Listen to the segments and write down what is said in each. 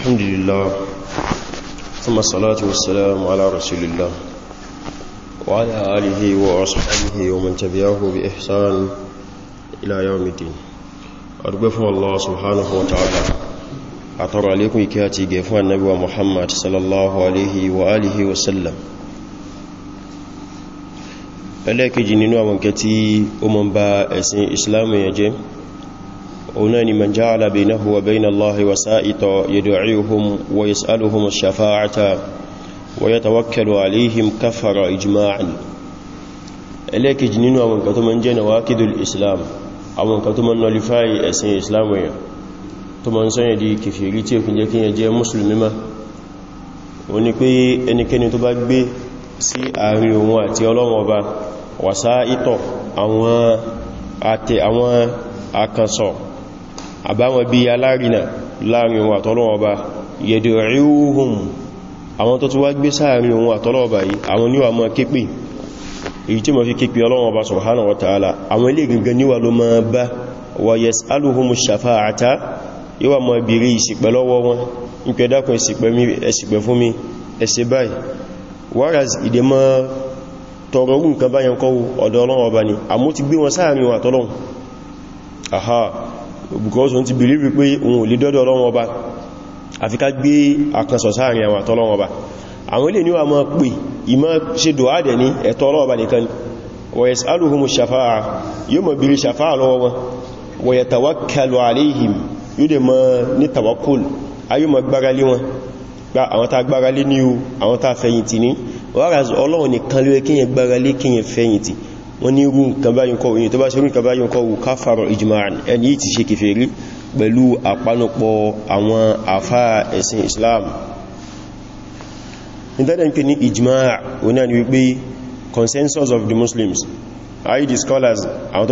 الحمد لله ثم الصلاة والسلام على رسول الله وعلى آله وأصحابه ومن تبعه بإحسان إلى يوم الدين أرغب الله سبحانه وتعالى أترى عليكم إكاتي قفوان نبي محمد صلى الله عليه وآله وسلم ألاك جنينو ومن كتي أمم با إسلام يجب أناني من جعل بينه وبين الله وسائط يدعيهم ويسألهم الشفاعة ويتوكل عليهم كفر إجماعا إليك جنين ومن كتمن جن واكد الإسلام ومن كتمن نولفاي أسين إسلامي تمن سنة دي كفيريتي وكن جاكين يجي مسلمة ونكوي ẹnikẹ́ni tó bá gbé sí àárín òun àti ọlọ́run ọba wàsá ìtọ̀ àwọn àtẹ àwọn akànsọ̀ àbáwọn bí alárinà láàrin ohun àtọ́lọ́ọba yẹ̀dùrúhùn àwọn tó tó wá gbé sáàrin ohun àtọ́lọ́ọba yìí àwọn níwà mọ́ képe èyí tí mọ̀ fi képe ọlọ́ọba subhanahu wa ta'ala àwọn ilé gangan níwà ló mọ́ bá wà yas'aluhumu shafa'ata yíwà mọ́ bèèrè ìsìpẹ̀ lọ́wọ́ wọn ń pẹ̀ dákùn ẹsìpẹ̀ fún mi ẹsẹ̀ báyìí whereas ìdè mọ́ tọrọ ti gbé wọn sáàrin ohun àtọ́lọ́wọ́ aha because wọ́n ti believe pé òun ò lè dọ́dọ̀ Ọlọ́run ọba àfi ká gbé àkànsọ̀ sáàrin àwọn àtọ́lọ́run ọba àwọn ilé ní wà máa pè ìmọ̀ ṣe dùá dẹ̀ ní ẹ̀tọ́ Ọlọ́run ọba nìkan wa yas'aluhumu shafa'a yóò mọ̀ bèèrè shafa'a lọ́wọ́ wọn wa yatawakkalu alayhim yóò dẹ̀ mọ̀ ní tawakkul ayó mọ̀ gbáralé wọn gba àwọn tá gbáralé ní o àwọn tá fẹ̀yìntì ní whereas Ọlọ́run nìkan ló yẹ kíyàn gbáralé kíyàn fẹ̀yìntì wọ́n ní irú nǹkan báyìí kọ́ òyìn tó bá ṣe irú nǹkan báyìí kọ́ káfàrọ̀ ìjìmáàn ẹni yìí ti ṣe kèfèrí pẹ̀lú àpánupọ̀ àwọn àfá ẹ̀sìn Islam ìtẹ́dẹ̀ ń pè ní ìjìmáà òní àni wípé consensus of the Muslims ayi the scholars àwọn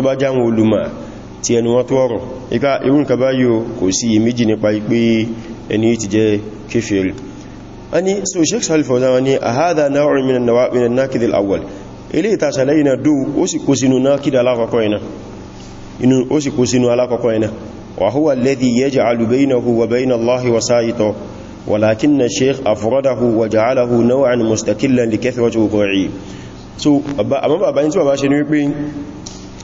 ilé ìtàṣàlẹ̀ iná dó ó sì kó sínú náà kídà alákọ̀ọ́kọ́ iná ó sì kó sínú alákọ̀ọ́kọ́ iná wa huwa alladhi yaj'alu baynahu wa bayna Allahi wasa'ita walakinna ash-shaykh afradahu wa ja'alahu naw'an mustaqillan li kathrati wuqu'i so àmọ́ bàbá yìí tí bàbá ṣe ní wípé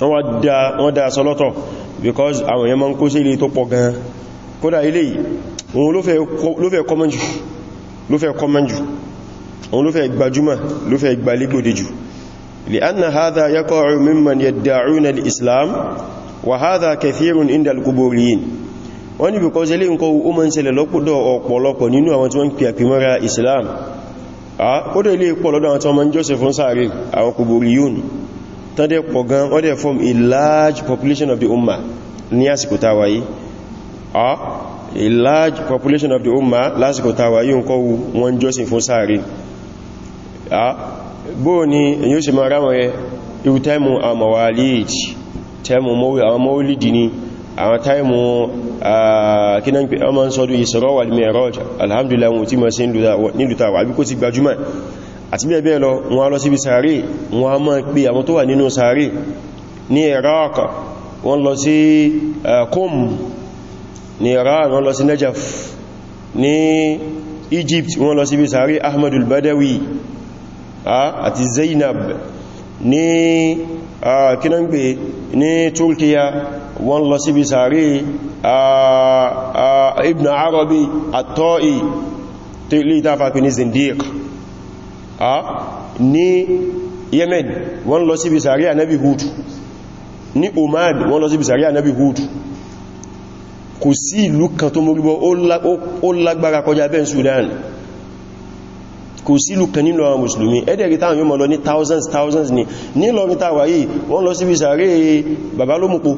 wọ́n dá aṣọ lọ́tọ̀ because àwọn èèyàn máa ń kó sí ilé tó pọ̀ gan kódà ilé òun ló fẹ́ kọ́mọ̀ jù òun ló fẹ́ gbajúmọ̀ ló fẹ́ gbalẹ́gbòdè jù لأن هذا يقع ممن يدعون الإسلام وهذا كثير عند القبوريين wọ́n ni bíkọ́ sílé nǹkan o mọ́ ń ṣẹlẹ̀ lọ́pọ̀dọ̀ ọ̀pọ̀lọpọ̀ nínú àwọn tí wọ́n ń pè àpìmọ́ra Islam ó dẹ̀ ilé pọ̀ lọ́dọ̀ àwọn tí wọ́n mọ́ ń jọ́sẹ̀ fún sáré àwọn kuburiyun tán dẹ̀ pọ̀ gan wọ́n dẹ̀ form a bóò ni èyí ó ṣe máa ráwọn yẹ irú táìmù àwọn mawalid táìmù àwọn mawlidi ni àwọn táìmù kínan pé ọmọ sọ́dún Isra wal Miraj alhamdulillah wọn tí ma ṣe nílùta wà àbíkó ti gbajúmọ̀ àti bí ẹbẹ́ lọ wọn lọ síbi sàárè wọn a máa pè àwọn tó wà nínú sàárè ní Iraq wọn lọ sí Qom ní Iran wọn lọ sí Najaf ní Egypt wọn lọ síbi sàárè Ahmadul Badawi àti Zainab ní kínàgbé ní Turkiya wọ́n lọ síbi sàárè Ibn Arabi àtọ́ì tí lè tàfà pè ní Zindiq ní Yemen wọ́n lọ síbi sàárè ànábì Hud ní Oman wọ́n lọ síbi sàárè ànábì Hud kò sí ìlú kan tó mú gbogbo ó lágbára kọjá bẹ́ẹ̀ Sudan kò sílù kan nílò àwọn mùsùlùmí ẹ́dẹ̀rí táwọn yóò mọ̀ lọ ní thousands thousands ni nílọrin tàwà yìí wọ́n lọ síbi sàárè bàbá lómùpó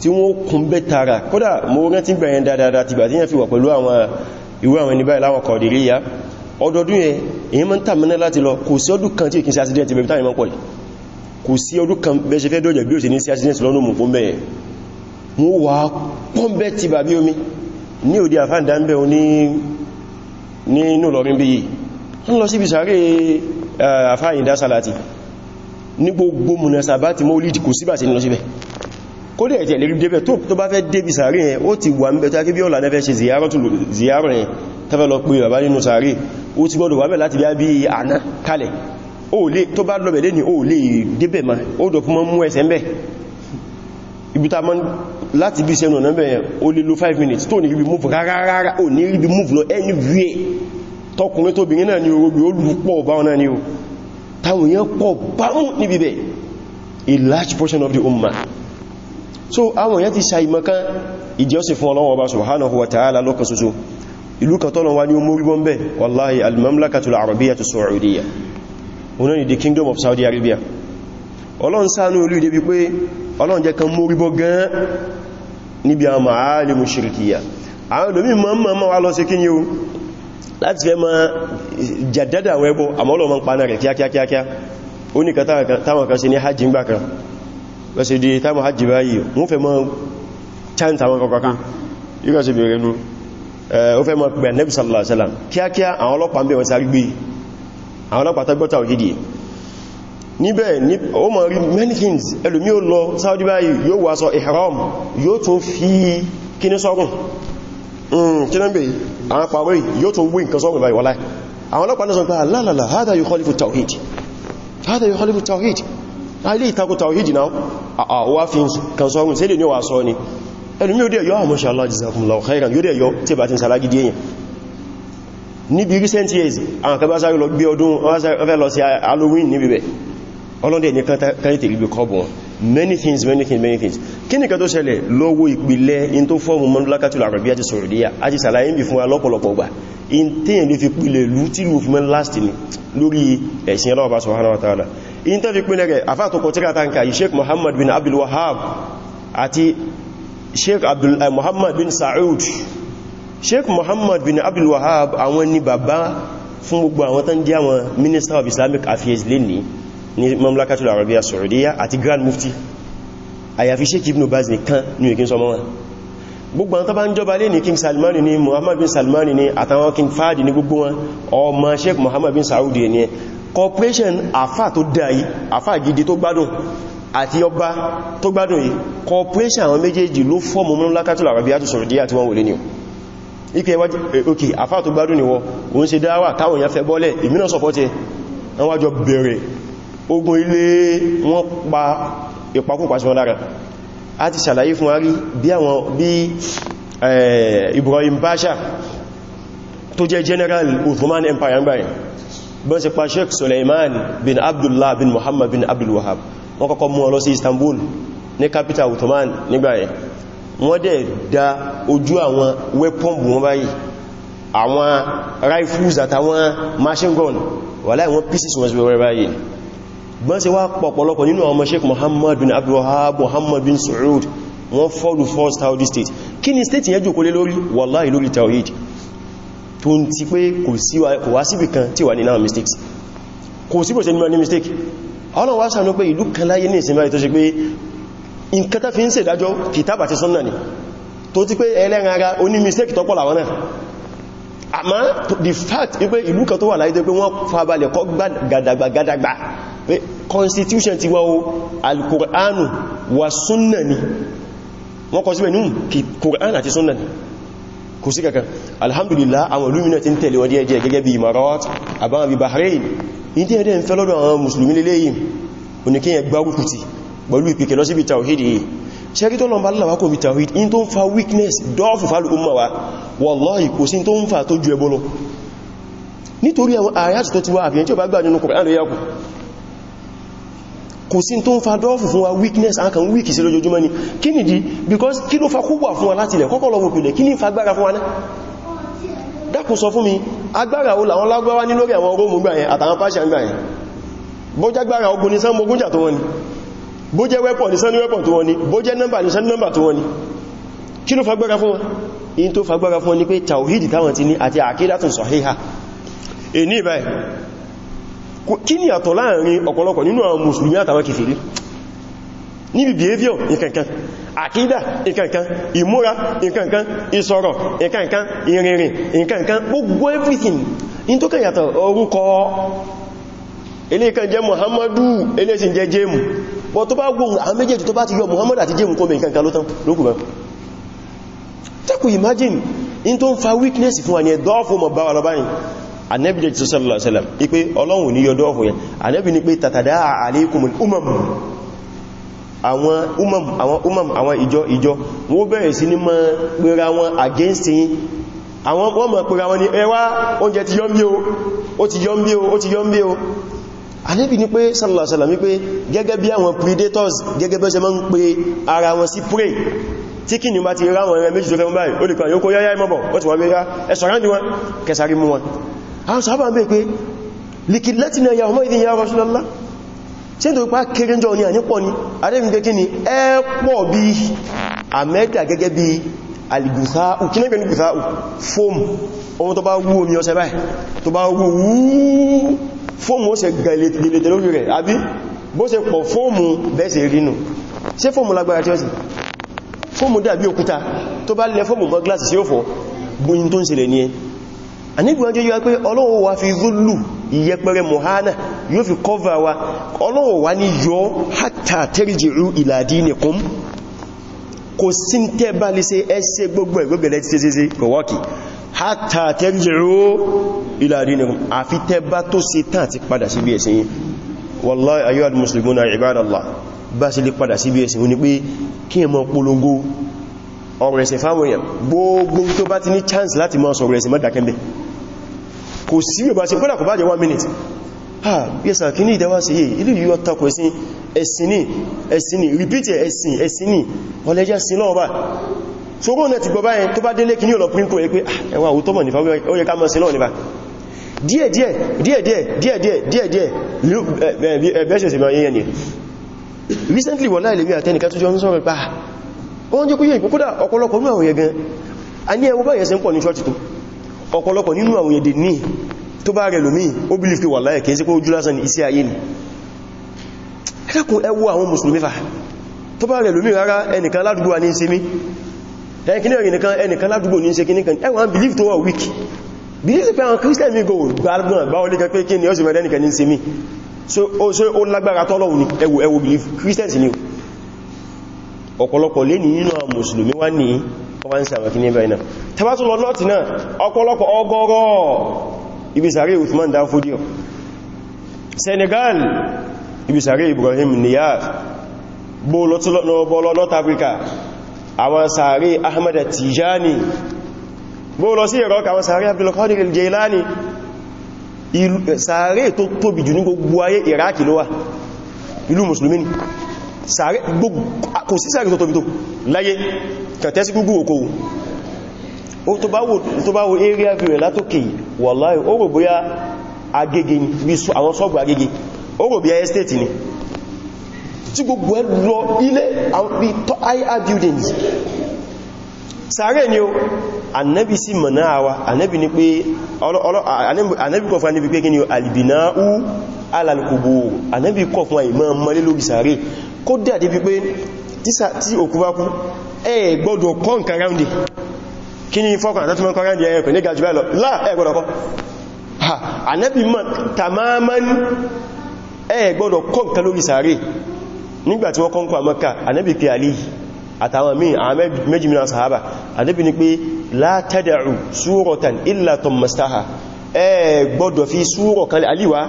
tí wọ́n kún bẹ́ tààrà kódà mo rántí bẹ̀rẹ̀ dáadáa ti gbà tí yẹn fi wà pẹ̀lú àwọn ìwé àwọn ẹni ya ọdọọdún yẹn èyí mọ́ ń tà mẹ́lẹ́ láti lọ kò sí ọdún kan tí ìkín sí accident bẹ̀bẹ̀ táwọn ìmọ̀ pọ̀ yìí kò sí ọdún kan bẹ́ ṣe fẹ́ dọ́jẹ̀ ní sí accident bí yìí ń lọ síbi sàárè àfáàyìndá sàláti ní gbogbo mùnàsàbá ti mọ́lìdì kò síbà sí ní lọ síbẹ̀ kó lè ẹ̀jẹ̀ lè rí débẹ̀ tó bá fẹ́ débi sàárè yẹn ó ti wà mẹ́ta kí bí ọ̀là nẹ́fẹ́ ṣe ziyarọ̀ yẹn tẹ́fẹ́ lọ pé bàbá nínú sàárè ó ti ni ó lè ma ó dọ̀ fún mọ́ mú ẹsẹ̀ ń bẹ̀ ibùta mọ́ láti bí sẹ́nu lo 5 minutes tó ni ríbi move rárá ó ní ríbi move lọ anywhere tọkùnrin tóbìnrin náà ni orogbe olùpọ̀ báwọn náà ni o táwọn èèyàn pọ̀ báwọn níbi bẹ̀ a large portion of the ummah so àwọn èèyàn ti ṣàìmọ̀kan ìjọsìn fún Ọlọ́hun Ọba subhanahu wa ta'ala lọ́kan ṣoṣo ìlú kan tọ́lọ̀ wá ní omó rígbọ́n bẹ́ wallahi al-mamlakatul arabiyyatu saudiya wọn ni the kingdom of saudi arabia ọlọ́n ṣàánú olú ìdébí pé ọlọ́n jẹ́ kan mú rígbọ́ gan níbi àmà alimu shirkiya àwọn olómi mọ́ mọ́ wá lọ sí kí ni o láti fẹ́ ma jàdádà wẹ́bọ àmọ́lọ̀ ma ń paná rẹ̀ kíákíákíá ó ní táwọn kan ṣe ní di táwọn hajji báyìí wọ́n fẹ́ ma chant àwọn kọkọkan yíká sí bèèrè nú ó fẹ́ ma pẹ̀ Nabi sallallahu alaihi wasallam kíákíá àwọn ọlọ́pàá ń bẹ̀ wọ́n sáré gbé níbẹ̀ ó ma rí many things ẹlòmí ó lọ Saudi báyìí yóò wá sọ ihram yóò tún fi kíní sọ́rùn hmm, kí náà bèèrè àwọn pàwọ́ yóò tún wí nǹkan sọ́rọ̀ báyìí wọ́lá àwọn ọlọ́pàá náà sọ pé aláàlá hádá yóò kọlífù tawhid hádá yóò kọlífù tawhid ilé ìtakò tawhid náà àwọ́ ah, ah, fi kan sọ́rọ̀ sí ilé ní wà sọ ni ẹnu mi ò dẹ̀ yọ àmọ́ ṣe aláàjíṣàkùnlọ́ khairan yóò dẹ̀ yọ tí bá ti ń sàlágídí èyàn níbi recent years àwọn kan bá sáré lọ gbé ọdún wọ́n fẹ́ lọ sí Halloween níbi bẹ̀ ọlọ́dẹ̀ ní kan tẹ́lẹ̀ tẹ̀lẹ̀ kọ́bùn many things many things many things kí ni ká tó ṣẹlẹ̀ lọ́wọ́ ìpìlẹ̀ in tó fọ́ọ̀mù Mamlakatul Arabiya ti Saudiya a ti sàlàyé bí fún wa lọ́pọ̀lọpọ̀ gbà in téèyàn lè fi pìlẹ̀ lú tí lù fi mọ́ last ni lórí ẹ̀sìn ọlọ́ọ̀bá subhanahu wa ta'ala in tó fi pìlẹ̀ rẹ̀ afáàtọ̀kọ̀ tí rátanka yìí Sheikh Muhammad bin Abdul Wahab ati Sheikh Abdul eh, Muhammad bin Saud Sheikh Muhammad bin Abdul Wahab àwọn ni bàbá fún gbogbo àwọn tán jẹ́ àwọn Minister of Islamic Affairs lénìí ní mamlakatul arabiya saudiya àti grand mufti àyàfi sheik ibn baz nìkan ní ìkín sọmọ wọn gbogbo àwọn tó bá ń jọba lé ní king salmani ní muhammad bin salmani ní àtàwọn king fadi ní gbogbo wọn ọmọ sheik muhammad bin saudi ní corporation àfà tó dáyí àfà gidi tó gbádùn àti ọba tó gbádùn yìí corporation àwọn méjèèjì ló fọ́mù mamlakatul arabiya tó saudiya tí wọ́n wọlé ní ìpé ẹwàjú òkè àfà tó gbádùn ni wọ́n òun ṣe dáwà táwọn èèyàn fẹ́ bọ́lẹ̀ ìmìnà sọpọ́tẹ̀ wọ́n wájọ bẹ̀rẹ̀ ogun ilé wọ́n pa ìpakúpa sí wọn lára a ti ṣàlàyé fún wa bí àwọn bí Ibrahim Pasha tó jẹ́ general Ottoman Empire gbáyìn bọ́n ṣe pa Sheikh Suleiman bin Abdullah bin Muhammad bin Abdul Wahab wọ́n kọ́kọ́ mú ọlọ́sí Istanbul ní capital Ottoman nígbàyìn wọ́n dẹ̀ da ojú àwọn weapon bù wọn báyìí àwọn rifles àtàwọn machine gun wà láì wọ́n pieces wọ́n sí wẹ́rẹ́ báyìí gbọ́n ṣe wá pọ̀pọ̀lọpọ̀ nínú ọmọ sheik Muhammad bin Abdulwahab Muhammad bin Saud wọ́n fọ́lù First Saudi state kí ni state yẹn jòkó lé lórí wallahi lórí tawhid tó ń ti pé kò wá síbì kan tí wà ní náà mistakes kò síbò sí ní mistake ọlọ́run wá sàánú pé ìlú kan láyé ní ìsinmi ni tó ti pé ẹlẹ́ran ara ó ní mistake àmá the fact wípé ìlú kan tó wà láyé tó pé wọ́n fabalẹ̀ kọ́ gàdàgbà gàdàgbà constitution ti wá o alkùránù wà súnnà ni wọ́n kọ síbẹ̀ nínú kí kùránù àti súnnà ni kò sí kankan alhamdulillah àwọn lumina ti ń tẹ̀lé wọ́n díẹ̀ gẹ́gẹ́ bí Imarat àbáwọn bí Bahrain ní tí ẹ̀dẹ́ ń fẹ́ lọ́dọ̀ àwọn mùsùlùmí lélẹ́yìn oníkíyàn gbárùkùtì pẹ̀lú ìpìkẹ̀ lọ síbi tàwídì yìí ṣẹ́rí tó lọ́nà aláwà kò bí tàwíd in tó ń fa weakness dọ́ọ̀fù fàálù umma wa wallahi kò sí tó ń fa tó ju ẹbọ́ lọ nítorí àwọn àyàtù tó ti wá àfihàn tí ó bá gbà nínú Kùránì kò sí tó ń fa dọ́ọ̀fù fún wa weakness and kan weak sí lójoojúmọ́ ni kí ni dí because kí ló fa kúgbà fún wa láti ilẹ̀ kọ́kọ́ lọ́wọ́ pìlẹ̀ kí ní fa agbára fún wa náà dákun sọ fún mi agbára o làwọn lágbára ní lórí àwọn rómù gbà yẹn àtàwọn pàṣẹ gbà yẹn bó agbára ogun ní sánmọ́ tó wọ́n ni bó jẹ́ wẹ́pọ̀ ní sánmọ́ wẹ́pọ̀ tó wọ́n ni bó jẹ́ nọ́mbà ní sánmọ́ nọ́mbà tó wọ́n ni kí ló fagbára fún wa in tó fagbára fún wa ni pé tawhid ti ní àti àkídàtún sọ̀híhà èní báyìí kí ni àtọ̀ láàrin ọ̀pọ̀lọpọ̀ nínú àwọn mùsùlùmí àtàwọn kìfèrí níbi behavior nǹkankan àkídà nǹkankan ìmúra nǹkankan ìsọ̀rọ̀ nǹkankan ìrìnrìn nǹkankan gbogbo everything in tó kẹyàtọ̀ orúkọ elékan muhammadu eléṣin jẹ́ jẹ́mù bọ̀ tó bá gbogbo àwọn méjèèjì tó bá ti yọ muhammadu àti jẹ́mù kómi nǹkankan ló tán takù imagine in tó ń fa weakness fún wa ní ẹ̀dọ́ fún ọmọ báwa lọ báyìí anẹ́bí jẹ́ jésù sallallahu alaihi wasallam ipé ọlọ́run ní yọdọ́ ọ̀fọ̀ yẹn anẹ́bí ni pé tàtàdá àlékùnmù umam àwọn umam àwọn umam àwọn ìjọ ìjọ wọ́n bẹ̀rẹ̀ sí ní máa pera wọn against yín àwọn wọ́n máa pera wọn ni ẹwà oúnjẹ ti yọ́mbí o ó ti yọ́mbí o ó ti yọ́mbí o anẹ́bí ni pé sallallahu alaihi wasallam ni pé gẹ́gẹ́ bí àwọn predators gẹ́gẹ́ bẹ́ẹ̀ ṣe máa ń pe ara wọn sí prey tí kí ni bá ti ráwọn ẹ̀rẹ́ méjì tó fẹ́ mú báyìí ó lè kàn yóò kó yáyá ìmọ́bọ̀ ó ti wọ́n bí yá ẹ̀ṣọ̀rán ni wọ́n kẹsàrí mú wọn àwọn sàábà bẹ́ pé likilatina ya ọmọ ìdí ya Rasulullah tí tó pa kéréjọ ní ànípọ̀ ni adébìn pé kí ni ẹ pọ̀ bí amẹ́dà gẹ́gẹ́ bí alìgùsáù kí lẹ́gbẹ̀ẹ́ ní gùsáù fóòmù ohun tó bá wú omi ọsẹ báyìí tó bá wú wúú fóòmù ó ṣe gẹ̀lẹ̀tẹ̀ lórí rẹ̀ àbí bó ṣe pọ̀ fóòmù bẹ́ẹ̀ ṣe rínú ṣe fóòmù lágbára tí ó sì fóòmù dàbí òkúta tó ànígbìyàn jẹ́ yíwa pé ọlọ́wọ́ wa fi zúlù ìyẹpẹrẹ mohana yóò fi kọ́và wa ọlọ́wọ́ wa ní yọ hátà tẹ́rìjìrú ìlàdí nìkún kò sí tẹ́ bá lè ṣe ẹsẹ gbogbo ẹgbẹ̀gbẹ̀lẹ̀ ti ṣe kò wọ́kì hátà tẹ́rìjìrú ìlàdí nìkún àfi tẹ́ bá tó ṣe tán àti padà sí bí ẹ̀sìn yìí wallahi ayyuhal muslimuna ni chance láti mọ́ sọ̀rọ̀ kò sí yóò bá ṣe kọ́lá kò bá jẹ́ 1 minute ah yes sir kí ní ìdẹ́wà sí yìí ilú yíò takò ẹ̀sìn ẹ̀sìn ní ẹ̀sìn ní repeat ẹ̀sìn ẹ̀sìn ní ọlẹ́jẹ́ sí náà bá ṣogbo náà ti gbọba yẹn tó bá délé kí ní ọ̀nà pínkù ẹ̀ pé ah, ẹwà òótọ́ mọ̀ nífà ó yẹ ká mọ̀ sí náà nífà díẹ̀ díẹ̀ díẹ̀ díẹ̀ díẹ̀ díẹ̀ díẹ̀ díẹ̀ bẹ́ṣẹ̀ sí mọ̀ recently wọ́n láìlèmí àtẹnìká tó jọ ń sọ̀rọ̀ pé ah ó ń jẹ́ kú yẹ ìpókódà ọ̀pọ̀lọpọ̀ mú àwọn yẹ gan ọ̀pọ̀lọpọ̀ nínú àwọn èdè ní tó bá rẹ̀ lómi ó bí lífẹ́ wà láyẹ̀ kìí sí pé ojú lásán ní iṣẹ́ ayé ni ẹkùn ẹwọ àwọn mùsùlùmí fà tó bá rẹ̀ lómi rárá ẹnìkan ládùgbò ní ṣe mí ẹnìkan ládùgbò ní ṣe wà weak belief pé àwọn mi go gbàgbọ́n gbáwọ́ lé kẹ́kẹ́ kí ni ó sì mẹ́rẹ́ nìkan ní ṣe mí so ó lágbára tọ́lọ́wù ni ẹwọ ni ọ̀pọ̀lọpọ̀ lé ní nínú àwọn mùsùlùmí wá ní wọ́n ń sàwọn kí ní ẹgbẹ̀ iná tàbátù lọ náà tí náà ọ̀pọ̀lọpọ̀ ọgọ́rọ̀ Senegal ibisare Ibrahim Niass bóòlọ North Africa àwọn sàárè Ahmad Tijani bóòlọ sí Iraq àwọn sàárè Abdul Qadir Al-Jilani sàárè tó tóbi jù ní gbogbo ayé Iraq ló wà ìlú mùsùlùmí kò sí sàárì tó tóbi tó láyé kàtẹ́ sí gúgú òkòwò tó bá wo area view rẹ̀ látòkè wàláhì ó rò bóyá agége ni bí àwọn sọ́ọ̀bù agége ó rò bóyá estate ni tí gbogbo ẹ lọ ilé àwọn bí higher buildings sàárẹ̀ ni o annabi sí mọ̀ná àwa annabi ni pé annabi kọ̀ fún annabi pé kí ni alìbìnáú alàlùkùgbò annabi kọ̀ fún àìmọ́ mọ́lé lórí sàárẹ̀ kó dàdé wípé tí òkú bá kú ẹ gbọ́dọ̀ kọ́ nǹkan ráúndì kí ní fọ́kàn àtàtúmọ́ kọ́ ráúndì ẹ̀kọ̀ ní gajubá lọ láà ẹ gbọ́dọ̀ kọ́ ànẹ́bì mọ̀ tàmámán ẹ gbọ́dọ̀ kọ́ nǹkan lórí sàárè nígbàtí wọ́n kọ́nkọ́ àmọ́ká ànẹ́bì pé àlì àtàwọn míì àwọn méjì mìíràn sàhábà ànẹ́bì ni pé la tada'u suratan illa tọmọstáha ẹ gbọ́dọ̀ fi súrọ̀ kan àlíwá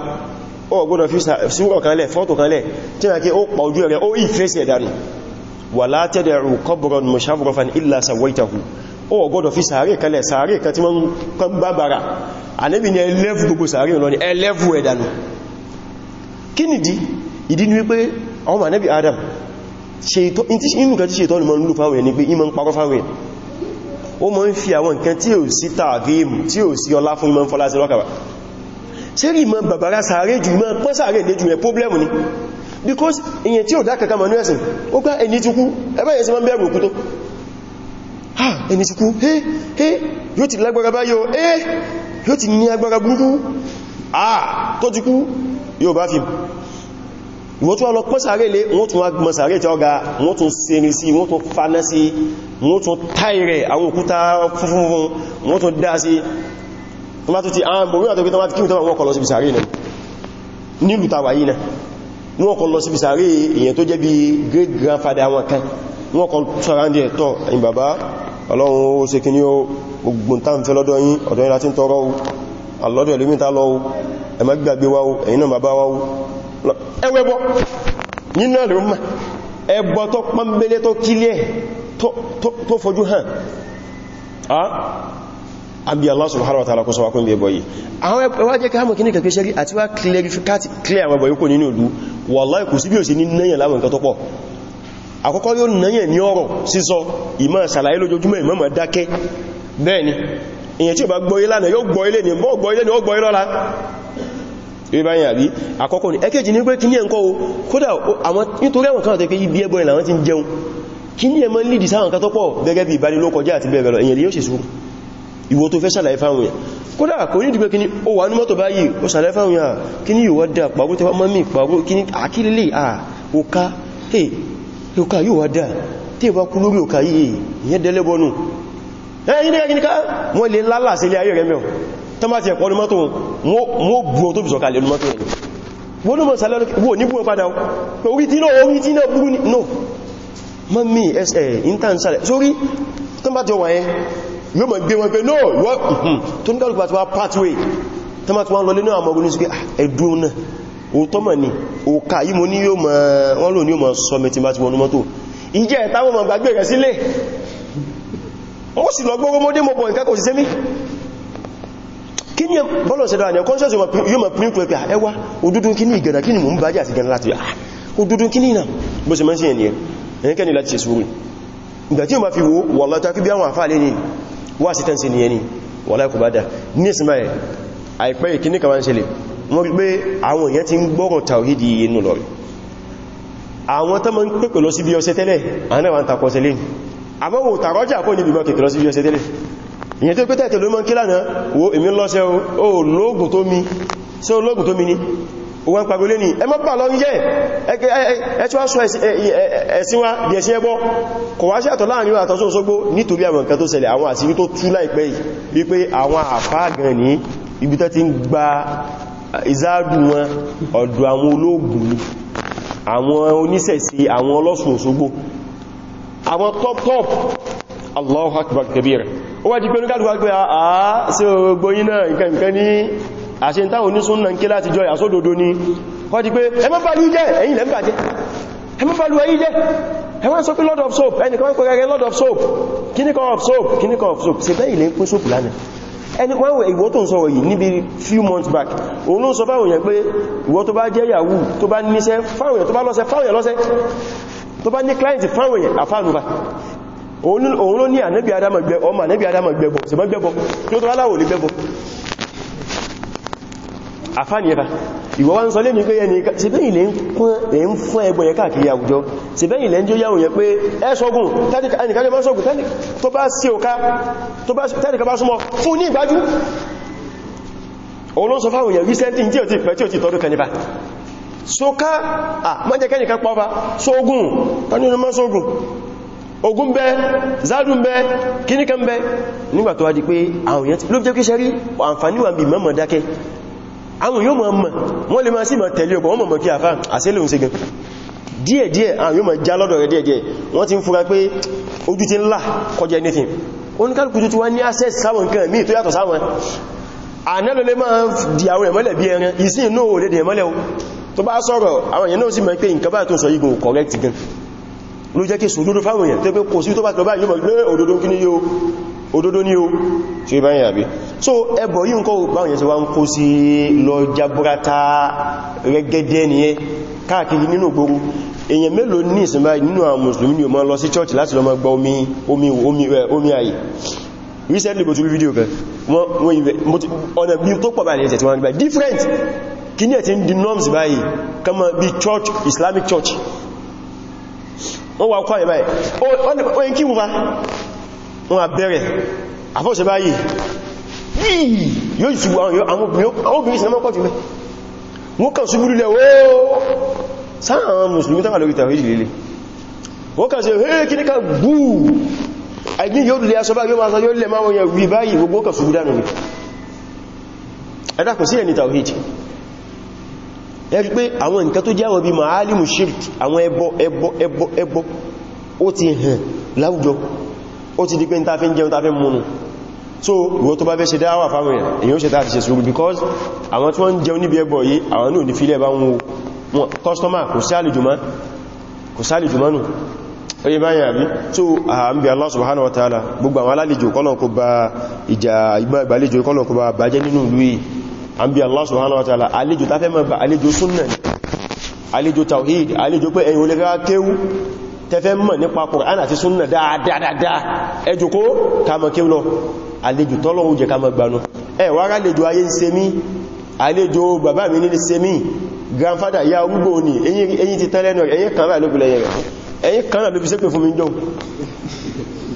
ó gbọ́dọ̀ fi súrọ̀ kanlẹ̀ fọ́tò kanlẹ̀ tí a kí ó pa ojú rẹ̀ ó ìfẹ́sẹ̀ dànù wala tad'u qabran musharrafan illa sawaitahu ó gbọ́dọ̀ fi sàárè kanlẹ̀ sàárè kan tí wọ́n kan bábára Ànábì ní ẹlẹ́fù gbogbo sàárè lọ ní ẹlẹ́fù ẹ̀ dànù kí nìdí ìdí ni wípé àwọn Ànábì Adam ṣètò inú kan tí ṣètò ọlùmọ̀ ń lò fáwọn ẹni pé ìmọ̀ ń sẹ́rì mọ́ bàbára sàárè jù mọ́ pọ́ sàárè lè jù yẹn problem ni because èyàn tí ò dá kankan mọ̀ ní ẹ̀sìn ó gbá ẹni tí kú ẹbẹ́ yẹn sí mọ́ bẹ̀rù òkú tó ha ẹni tí kú hé hé yóò ti lágbára báyìí o hé yóò ti ní agbára burúkú ah tó ti kú yóò bá fi ìwọ́n tún lọ pọ́ sàárè tó bá tó ti àwọn bòmí àtọ́gbé tó bá ti kí ìtọ́wà wọ́n kọ lọ síbi sàárè great grandfather wọn kan wọ́n kọ sọ́rándì ẹ̀tọ́ ẹ̀yìn bàbá ọlọ́run ó ṣe kí ní ó gbùn tán fẹ́ lọ́dọ̀ yín ọ̀dọ̀ yín láti ń tọrọ alọ́dọ̀ ìlú mìta lọ ẹ má gbàgbé wa ẹ̀yin náà bàbá wa kílẹ̀ tó fojú hàn àbí Allah subhanahu wa ta'ala kó sọwakún bí ẹbọ̀ yìí àwọn ẹwà jẹ́ káàmù kí ní kẹ̀kẹ́ ṣẹ́rí àti wá clear àwọn ẹbọ̀ yìí kò nínú ìlú wallahi kò sí bí ò sí ní náyàn láwọn nǹkan tó pọ̀ àkọ́kọ́ yóò náyàn ní ọ̀rọ̀ sísọ ìmọ̀ sàlàyé lójoojúmọ́ ìmọ̀ mọ̀ dákẹ́ bẹ́ẹ̀ni èyàn tí ó bá gbọ́yé lánàá yóò gbọ́yé lè ní bọ́ gbọ́yé ní ó gbọ́yé lọ́la yóò bá yàrí àkọ́kọ́ ní ẹkẹ́jì ní pé kí ní ẹ̀nkọ́ o kódà nítorí àwọn kan tẹ́ pé ibi ẹbọ́ ìlànà ti ń ìwọ tó fẹ́ ṣàlàyé fáwọn èèyàn kódà kò ní ìdígbé kíní ó wà ní mọ́tò báyìí ó ṣàlàyé fáwọn èèyàn kíní yíò wádà pàbó tẹwà mọ́mí pàbó kíní àkílélé àà òká hey òká yíò wádà tí ìbá kú lórí òká yìí ìyẹn dẹ́lẹ́bọnù ẹ̀yìn dẹ́gẹ́ kíní ká wọ́n lè lálà sí ilé ayé rẹ̀ mẹ́ọ̀ tán bá ti ẹ̀kọ́ ní mọ́tò wọ́n bú ọ tó fi sọ̀kalẹ̀ ní mọ́tò rẹ̀ wọ́n ní mọ́ sàlẹ̀ wọ́n ní bú ọ padà orí tí náà orí tí náà búrú ní no mọ́mí ẹ̀ẹ́ ìntànsàlẹ̀ ọwà ẹ́ yóò mọ̀ gbé wọn pé no hmm. tó ní kálùkù àti wá pathway tó má ti wá ń lọ lé náà àmọ́gun ní sí pé ah, ẹ̀dùn náà òótọ́ mọ̀ ní òkà yí mo ní yóò mọ̀ wọ́n lò ní yóò mọ̀ sọ mẹ́tí má ti wọnú mọ́tò ìjẹ́ ẹ̀táwọn mọ̀ gbàgbé rẹ̀ sílé ó sì lọ gbogbo mọ́dé mọ́ bọ̀ nǹkan kò sí sẹ́mí kí ní bọ́lọ̀ sẹ́dọ̀ àníyàn conscious yóò mọ̀ pín pẹ̀pẹ̀ ẹwà òdúdún kí ní ah, ìgbà tí ó ma fi wo wọ̀lọ́ta kí bí àwọn àfáà lè ní wá sí tẹ́ǹsì ní ẹni wà láìkùbádà ní ìsinmáyẹ àìpẹ́ ìkíní kan wá ń ṣẹlẹ̀ wọ́n rí pé àwọn èèyàn ti ń gbọ́rọ̀ tàwídì inú lọ àwọn tó ma ń pèpè lọ sí bí tẹ́lẹ̀ àwọn náà ń takọsẹ̀ wọ́n pàgólé ní ẹ mọ́ bà lọ jẹ́ ẹ̀tí wá sọ ẹ̀sìn wá bí ẹ̀sìn ẹbọ kò wá sí àtọ̀ láàrin wà àtọ́sọ́ òṣogbo nítorí àwọn nǹkan tó ṣẹlẹ̀ àwọn àṣírí tó tú láìpẹ́ yìí wípé àwọn àfáà ní ibi top top Allahu akbar kabir ó wá di pé oníkàlùkù wá pé àá sí ogbóyìn àṣẹ ìtàwọn onísúnnà ń ké láti jọ àsódòdó ni kọ́ di pé ẹmọ́ bá lú jẹ́ ẹ̀yìn lẹ́mbàjẹ́ ẹmọ́ bá lú ẹ̀yí jẹ́ ẹwọ́n sọ pé lord of soap ẹnìkan kò gẹ́gẹ́ lord of soap kíníkan of soap kíníkan of soap ṣe bẹ́ẹ̀ ilẹ̀ ń pín soap lánàá ẹni wọ́n wọ ìwọ tó ń sọ̀rọ̀ yìí níbi few months back òun ló sọ fáwọn èèyàn pé ìwọ tó bá jẹ́ yahoo tó bá níṣẹ́ fáwọn èèyàn tó bá lọ́sẹ̀ fáwọn èèyàn lọ́sẹ̀ tó bá ní client fáwọn èèyàn àfáànúbà òun ló ní ànẹ́bí adámọ̀ gbẹ́bọ̀ sí mọ́ gbẹ́bọ̀ tí ó tó aláwò lè gbẹ́bọ̀ àfáàníẹ́fà ìwọ wá ń sọ lémi pé ẹni ṣebẹ́yìn lè ń fún ẹgbọ́ yẹ káàkiri àwùjọ ṣebẹ́yìn lè ń jó yáwò yẹ pé ẹ́ṣọ́gùn tẹ́nìkàjọ bá ṣọ́gùn tó bá sí òká tẹ́nìkà bá súnmọ́ fún ní ìgbájú olóńsọ fáwọn èèyàn recently tí ò ti pẹ́ tí ò ti tọdún kẹnibà ṣoká àmọ́jẹ́kẹ́nìkan pọ́fà ṣógùn tánú ìrìnmọ́ ṣógùn ogun bẹ zádùn bẹ kíníkan bẹ nígbà di pé àwọn èèyàn ló jẹ́ kí ṣe àǹfàníwà bí mọ́mọ̀ dákẹ́ àwọn yóò mọ̀ mọ̀ wọ́n lè máa sí mọ̀ tẹ̀lé ọgbọ̀ wọ́n mọ̀ kí àfá àṣẹ́lẹ̀ òun sígan díẹ̀díẹ̀ àwọn yóò mọ̀ já lọ́dọ̀ rẹ̀ díẹ̀díẹ̀ wọ́n ti ń fura pé ojú ti ń là anything oníkálùkù tó ti wá ní access sáwọn nǹkan míì tó yàtọ̀ sáwọn ànẹ́lọ́lẹ́ máa di àwọn ẹ̀mọ́lẹ̀ bí ẹran ìsìn inú ò lè dẹ̀ mọ́lẹ̀ tó bá sọ̀rọ̀ àwọn èèyàn náà correct gan ló jẹ́ kí sòdódó fáwọn èèyàn tó pé kò sí tó bá tọ́ bá so ẹbọ̀ yí nǹkan òpáwọn yẹn tí wọ́n kó sí lọ jaburata rẹ̀gẹ́dẹ́ nìyẹn káàkiri nínú gbogbo èyàn mélòó ní ìsinmi nínú àwọn mùsùlùmí ni o máa lọ sí church láti lọ máa gba omi omi omi omi ayé recently mo tún rí fídíò kan wọ́n ìwẹ̀ ọ̀nà different kí ní ẹ̀tí di kama bí church islamic church wọ́n wà kọ́ àyẹ̀ báyìí ó yẹ kí wọ́n bá báyìí yìí yóò sì wọ́n àwọn obìnrin sinamọ́ pọ̀ ẹ̀dàkùn sí ẹni tàwí ẹ̀rí pé àwọn nǹkan tó jáwọ̀ bí ma'alimu shirk àwọn ẹbọ ẹbọ ẹbọ ẹbọ ó ti hàn láwùjọ ó ti di pé ń ta jẹun ta múnu so ìwọ tó bá fẹ́ ṣe dáwà fáwọn èèyàn èyàn ṣe tàbí ṣe sùúrù because àwọn tí wọ́n ń jẹun níbi ẹbọ yìí àwọn náà ní fílẹ̀ bá wọn customer kò sí àlejùmọ́ kò sí àlejùmọ́ nù oye báyìí àbí so àmì Allah subhanahu wa ta'ala gbogbo àwọn alálejò kọ́lọ̀ kó bá ìjà ìgbàlejò kọ́lọ̀ kó bá bàjẹ́ nínú ìlú yìí àmì Allah subhanahu wa ta'ala àlejò tá fẹ́ mọ́ bá àlejò súnnà ni àlejò tawhid àlejò pé ẹ̀yin olẹ́gá kéwú tẹfẹ́ mọ̀ nípa Kùránì àti súnnà dáadáa ẹjùkó kàmọ̀ kéwú lọ àlejò tọ́lọ̀ oúnjẹ ká mọ́ gbanú ẹ wárá àlejò ayé ń ṣe mí àlejò bàbá mi ní ṣe mí grandfather ya arúgbó ní eyín ti tán lẹ́nu ẹ̀yìn kan rà lóbi lẹ́yìn rẹ̀ ẹ̀yìn kan rà lóbi sépè fún mi jọun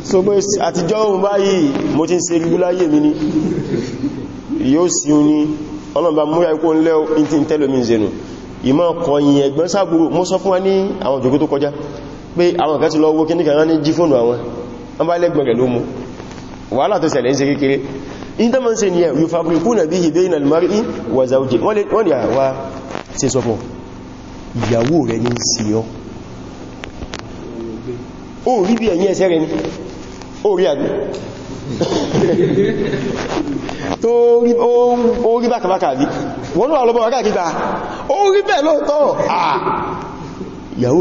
so pé àtijọ́ ohun báyìí mo ti ń ṣe gbígbó láyé mi ni yóò sí un ní ọlọ́mbà múra ikú ńlẹ́ ìntí ń tẹ́lómi ìzẹ̀nù ìmọ̀ kọ̀yìn ẹ̀gbọ́n sáàbúrò mo sọ fún wa ní àwọn wàhálà tó ṣẹlẹ̀ ń ṣe kékeré in tó mọ́n se ní ẹ̀ yóò fabrikú na bí ìbé ìnà almari wà zaújẹ wọ́n ni àwá se sọ fún ìyàwó rẹ̀ ní sí ọ́ o rí bí ẹ̀yìn ẹsẹ́ rẹ̀ ní o rí àbí tó rí bákàbákà bí wọ́n lọ́wọ́ lọ́bọ̀ wákà kíta o rí bẹ́ẹ̀ lóòtọ́ ìyàwó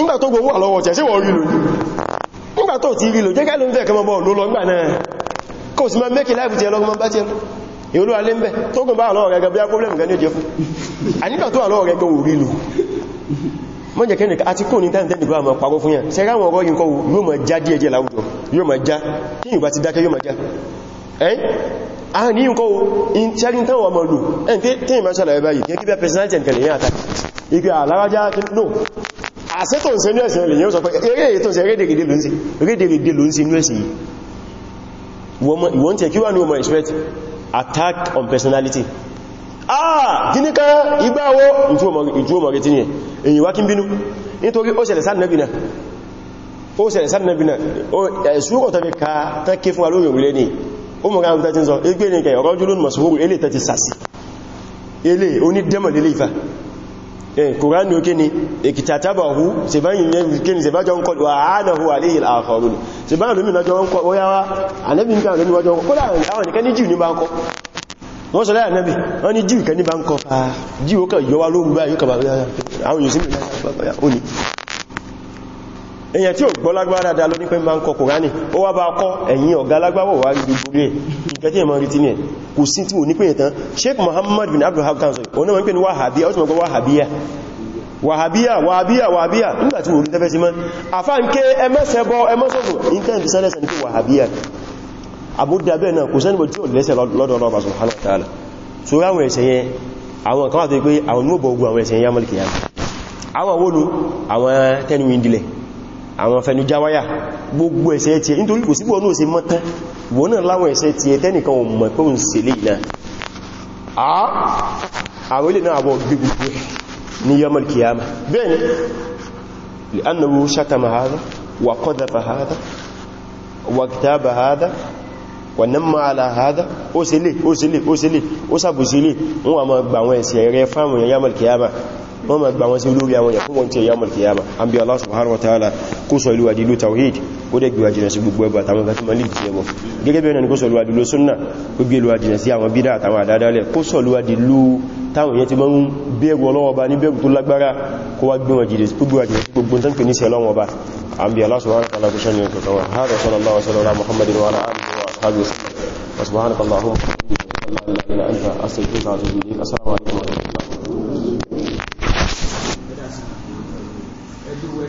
nígbà tó gbowó àlọ́wọ́ tẹ̀ sí wọ́n rí lò nígbà tó ti rí lò jẹ́gẹ́ ló ń fẹ́ kẹmọ́ bọ́ ló lọ gbà náà kò sí máa mẹ́kì láìfù tí ẹ lọ́gbọ́n bá tí ẹ lọ ìlú alẹ́ ń bẹ́ tó gùn bá àlọ́wọ́ rẹ̀ gẹ́gẹ́ bí á problem gẹ́ ní ìjẹ fún ànígbà tó àlọ́wọ́ rẹ̀ gẹ́gẹ́ òrí lò mọ́ jẹ́ kẹ́nìkà àti kò ní tẹ́ntẹ́ntẹ́ ìgbà àmà pàwọ́ fún yàn ṣe ráwọn ọ̀rọ̀ yìí kọ́ yóò máa já díẹ̀ díẹ̀ láwùjọ yóò máa já tí ìgbà ti dákẹ́ yóò máa já ẹ́ a ní nǹkan in tẹ́rin tánwà mọ̀ lò ẹ̀ tí ìmọ̀ sọ́lọ̀ ẹ̀bá yìí kí bí personality and kẹ̀lẹ̀ yẹn àtàkì ìgbà alárájá àṣẹ tó ń ṣe ní ẹ̀sìn ẹ̀lẹ̀yìn sọ pé eré èyí tó ń ṣe rédèrèdè ló ń ṣe rédèrèdè ló ń ṣe ní ẹ̀sìn yìí wọ́n tẹ̀ kí wà ní ọmọ expect attack on personality ah gini kan ìgbàwo ìjú ọmọ retí ní ẹ̀ èyí wá kí n bínú nítorí ó ṣẹlẹ̀ sáà nẹ́bìnà ó ṣẹlẹ̀ sáà nẹ́bìnà ẹ̀ṣúrọ̀ tàbí ká tẹ́kẹ́ fún alóyìn orílẹ̀ ní ó mọ̀ ráhùn kùránì òkè ni ìkìtàtàbàhú ṣèbájọ́ ń kọlu àánàhù àléhìl àkọrùn ṣèbájọ́ lómi lọ́jọ́ ń kọ wọ́yáwá ànẹ́bì nǹkan lómi wọ́jọ́ kọ́lá àwọn nìkan ní jíù ní bá ń kọ wọ́n sọ láyà nẹ́bì wọ́n ní jíù kẹ́ ní bá ń kọ fàá ah, jíù ó kà yọwa lóòrùn báyìí èyàn tí ò gbọ́ lágbára dáadáa ló ní pé ma ń kọ kòránì ó wá bá kọ́ ẹ̀yìn ọ̀gá lágbáwọ̀ wà rí gbogbo rẹ̀ nǹkan tí ẹ̀mọ̀ rí tí ní ẹ̀ kò sí tí ò ní pé ìtàn Sheikh Muhammad bin Abdul Wahhab tanzoi oní wọ́n pè ní wàhábíyà ó sì mọ̀gbọ́ wàhábíyà wàhábíyà wàhábíyà wàhábíyà nígbà tí mo rí tẹ́fẹ́ sí mọ́ àfá ń ké ẹmẹ́sẹ̀bọ ẹmọ́sọ̀gùn nǹkan ìbí sẹ́lẹ̀sẹ̀ ní pé wàhábíyà àbúdàbẹ̀ náà kò sẹ́nìbọ̀ tí ò lẹ́sẹ̀ lọ́dọ̀ ọlọ́ba subhanahu wa ta'ala so ráwọn ẹ̀ṣẹ̀ yẹn àwọn kan wà tó pé àwọn onímọ̀bọ̀ ogun àwọn tẹ́nu ìdílẹ̀ àwọn fẹnujàwáyà gbogbo ẹ̀ṣẹ̀ tí ẹ nítorí kò síbò náà ṣe mọ́tán wọ́n náà láwọn ẹ̀ṣẹ̀ tí ẹ tẹ́nìkan ò mọ̀ pé òun ṣe lè náà àwọn ilé náà àwọ̀ gbé gbogbo ní yọmọl kìyàmà bẹ́ẹ̀ni li'annahu shatama hadha wa qadhafa hadha wa iktaba hadha wa namma ala hadha ó ṣe lè kìyàmà wọ́n ma gba wọn sí olórí àwọn èèyàn fún wọn tí ẹ̀yà mọ̀ kìyàmà an bí Allah subhanahu wa ta'ala kó sọ ìlú àdìlú tawhid ó dẹ̀ gbé àjìnà sí gbogbo ẹbà àtàwọn ìgbàtí ma lè jí ẹbọ gẹ́gẹ́ bẹ́ẹ̀ kó sọ ìlú àdìlú súnnà ó gbé ìlú àjìnà sí àwọn bídá àtàwọn àdádálẹ̀ kó sọ ìlú àdìlú táwọn èèyàn ti máa ń bẹ̀rù ọlọ́wọ́ bá ní bẹ̀rù tó lágbára kó wá gbé wọn jìdè gbogbo àjìnà sí gbogbo tán pè ní sí ọlọ́wọ́ bá an bí Allah subhanahu wa ta'ala kó sọ ìlú àdìlú tawhid ó dẹ̀ gbé àjìnà sí gbogbo ẹbà àtàwọn ìgbàtí ma lè jí ẹbọ